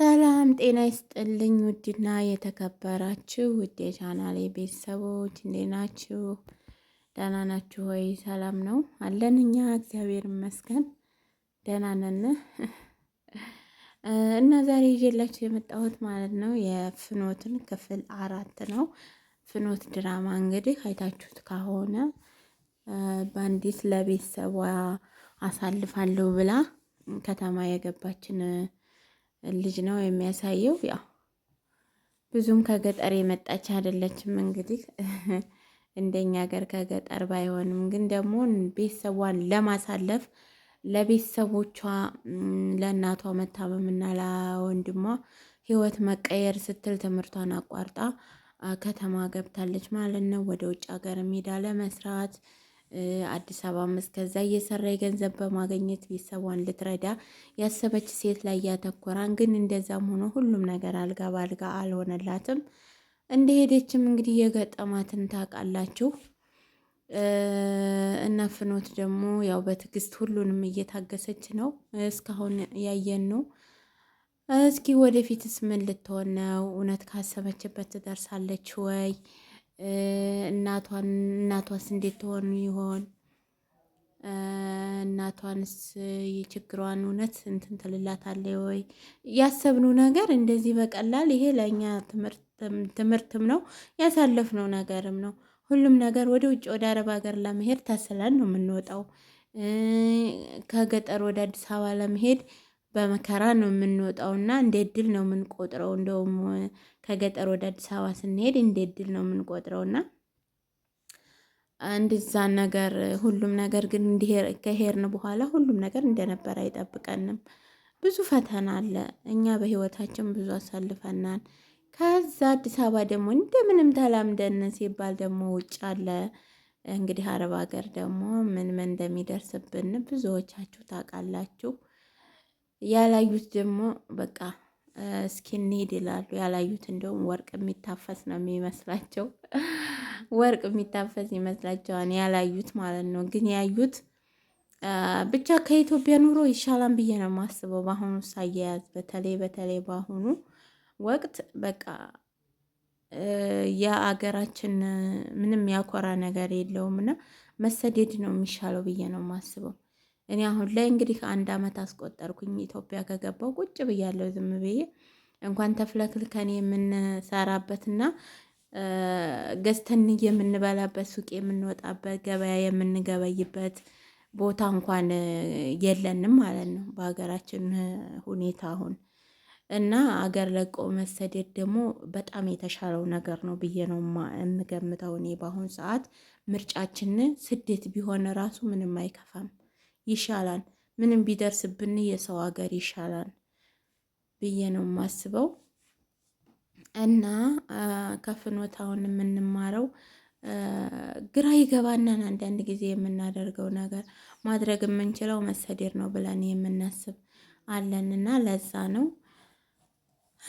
ሰላም ጤና ይስጥልኝ። ውድና የተከበራችሁ ውድ የቻናሌ ቤተሰቦች እንዴት ናችሁ? ደህና ናችሁ ወይ? ሰላም ነው አለን እኛ እግዚአብሔር ይመስገን ደህና ነን። እና ዛሬ ይዤላችሁ የመጣሁት ማለት ነው የፍኖትን ክፍል አራት ነው። ፍኖት ድራማ እንግዲህ አይታችሁት ከሆነ በአንዲት ለቤተሰቧ አሳልፋለሁ ብላ ከተማ የገባችን ልጅ ነው የሚያሳየው። ያው ብዙም ከገጠር የመጣች አይደለችም እንግዲህ እንደኛ ሀገር ከገጠር ባይሆንም ግን ደግሞ ቤተሰቧን ለማሳለፍ ለቤተሰቦቿ ለእናቷ መታመምና ለወንድሟ ሕይወት መቀየር ስትል ትምህርቷን አቋርጣ ከተማ ገብታለች ማለት ነው። ወደ ውጭ ሀገር ሜዳ ለመስራት አዲስ አበባ እስከዛ እየሰራ የገንዘብ በማገኘት ቤተሰቧን ልትረዳ ያሰበች ሴት ላይ ያተኮራን። ግን እንደዛም ሆኖ ሁሉም ነገር አልጋ ባልጋ አልሆነላትም። እንደሄደችም እንግዲህ የገጠማትን ታውቃላችሁ። እና ፍኖት ደግሞ ያው በትዕግስት ሁሉንም እየታገሰች ነው። እስካሁን ያየን ነው። እስኪ ወደፊትስ ምን ልትሆን ነው? እውነት ካሰበችበት ትደርሳለች ወይ? እናቷን እናቷስ እንዴት ትሆን ይሆን? እናቷንስ የችግሯን እውነት እንትን ትልላታለ ወይ? ያሰብነው ነገር እንደዚህ በቀላል ይሄ ለእኛ ትምህርትም ነው ያሳለፍነው ነገርም ነው። ሁሉም ነገር ወደ ውጭ ወደ አረብ ሀገር ለመሄድ ታስላል ነው የምንወጣው። ከገጠር ወደ አዲስ አበባ ለመሄድ በመከራ ነው የምንወጣው እና እንደ እድል ነው የምንቆጥረው። እንደውም ከገጠር ወደ አዲስ አበባ ስንሄድ እንደ እድል ነው የምንቆጥረው እና እንድዛ ነገር ሁሉም ነገር ግን ከሄድን በኋላ ሁሉም ነገር እንደነበር አይጠብቀንም። ብዙ ፈተና አለ። እኛ በህይወታችን ብዙ አሳልፈናል። ከዛ አዲስ አበባ ደግሞ እንደምንም ተላምደን ሲባል ደግሞ ውጭ አለ እንግዲህ አረብ ሀገር ደግሞ ምን ምን እንደሚደርስብን ብዙዎቻችሁ ታውቃላችሁ። ያላዩት ደግሞ በቃ እስኪ እንሂድ ይላሉ። ያላዩት እንደውም ወርቅ የሚታፈስ ነው የሚመስላቸው፣ ወርቅ የሚታፈስ ይመስላቸዋል ያላዩት ማለት ነው። ግን ያዩት ብቻ ከኢትዮጵያ ኑሮ ይሻላል ብዬ ነው የማስበው። በአሁኑ ሳያያዝ በተለይ በተለይ በአሁኑ ወቅት በቃ የአገራችን ምንም ያኮራ ነገር የለውም እና መሰደድ ነው የሚሻለው ብዬ ነው የማስበው። እኔ አሁን ላይ እንግዲህ ከአንድ አመት አስቆጠርኩኝ ኢትዮጵያ ከገባው ቁጭ ብያለሁ ዝም ብዬ እንኳን ከኔ የምንሰራበትና ገዝተን የምንበላበት ሱቅ የምንወጣበት ገበያ የምንገበይበት ቦታ እንኳን የለንም ማለት ነው በሀገራችን ሁኔታ አሁን እና አገር ለቆ መሰደድ ደግሞ በጣም የተሻለው ነገር ነው ብዬ ነው የምገምተው እኔ በአሁኑ ሰዓት ምርጫችን ስደት ቢሆን ራሱ ምንም አይከፋም ይሻላል፣ ምንም ቢደርስብን የሰው ሀገር ይሻላል ብዬ ነው የማስበው። እና ከፍኖታውን የምንማረው ግራ ይገባናን አንዳንድ ጊዜ የምናደርገው ነገር ማድረግ የምንችለው መሰዴር ነው ብለን የምናስብ አለንና ለዛ ነው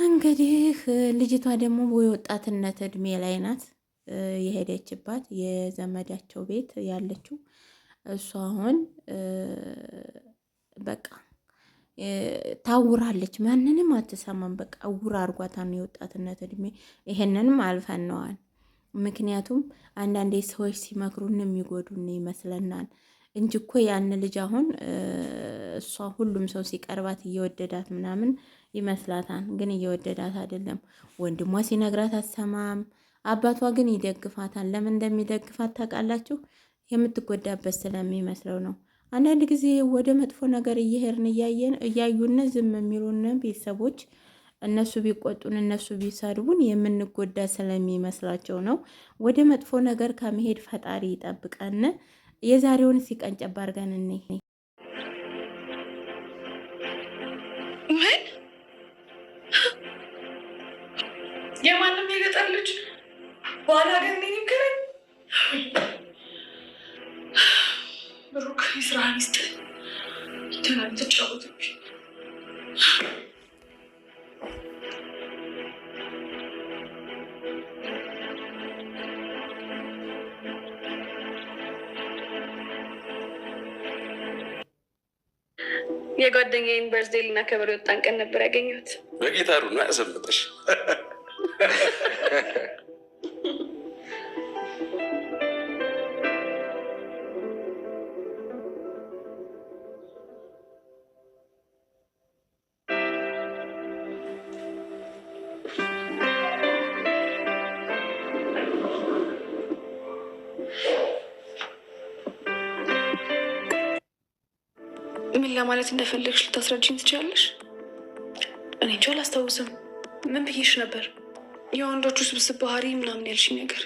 እንግዲህ ልጅቷ ደግሞ የወጣትነት እድሜ ላይ ናት የሄደችባት የዘመዳቸው ቤት ያለችው እሱ አሁን በቃ ታውራለች፣ ማንንም አትሰማም። በቃ እውር አድርጓታን የወጣትነት እድሜ ይሄንንም አልፈነዋል። ምክንያቱም አንዳንዴ ሰዎች ሲመክሩን የሚጎዱን ይመስለናል እንጂ እኮ ያን ልጅ አሁን እሷ ሁሉም ሰው ሲቀርባት እየወደዳት ምናምን ይመስላታል፣ ግን እየወደዳት አይደለም። ወንድሟ ሲነግራት አትሰማም። አባቷ ግን ይደግፋታል። ለምን እንደሚደግፋት ታውቃላችሁ? የምትጎዳበት ስለሚመስለው ነው። አንዳንድ ጊዜ ወደ መጥፎ ነገር እየሄድን እያየን እያዩን ዝም የሚሉን ቤተሰቦች እነሱ ቢቆጡን እነሱ ቢሳድቡን የምንጎዳ ስለሚመስላቸው ነው። ወደ መጥፎ ነገር ከመሄድ ፈጣሪ ይጠብቀን። የዛሬውን ሲቀንጨባ አድርገን እኔ ስራህን ይስጥ ትናንት ተጫወቶች የጓደኛዬን በርዝዴ ልናከብር የወጣን ቀን ነበር ያገኘሁት። በጌታሩ ነው ያሰምጠሽ ምን ለማለት እንደፈለግሽ ልታስረጅኝ ትችላለሽ? እኔ እንጂ አላስታውስም። ምን ብዬሽ ነበር? የወንዶቹ ስብስብ ባህሪ ምናምን ያልሽኝ ነገር